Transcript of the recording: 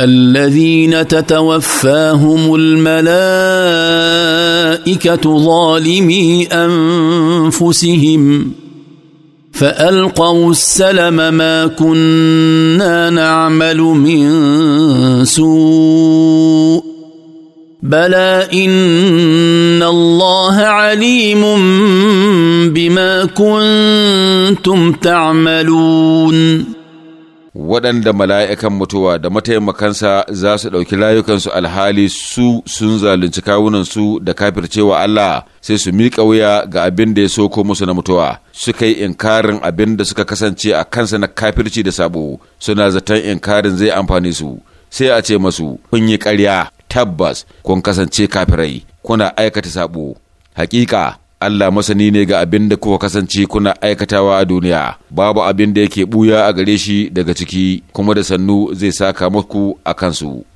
الذين تتوفاهم الملائكه ظالمي انفسهم فالقوا السلم ما كنا نعمل من سوء بلى ان الله عليم بما كنتم تعملون waɗanda mala'ikan mutuwa da mataimakansa za su ɗauki layukansu alhali su sun zalunci kawunansu da kafircewa Allah sai su miƙa wuya ga abin da ya soko musu na mutuwa suka yi inkarin abin da suka kasance a kansa na kafirci da sabo suna zaton inkarin zai amfani su sai a ce masu kun yi karya tabbas kun kasance kafirai kuna aikata sabo hakika Allah masani ne ga abin da kuka kasance kuna aikatawa a duniya, babu abin da yake buya a gare shi daga ciki, kuma da sannu zai saka muku a kansu.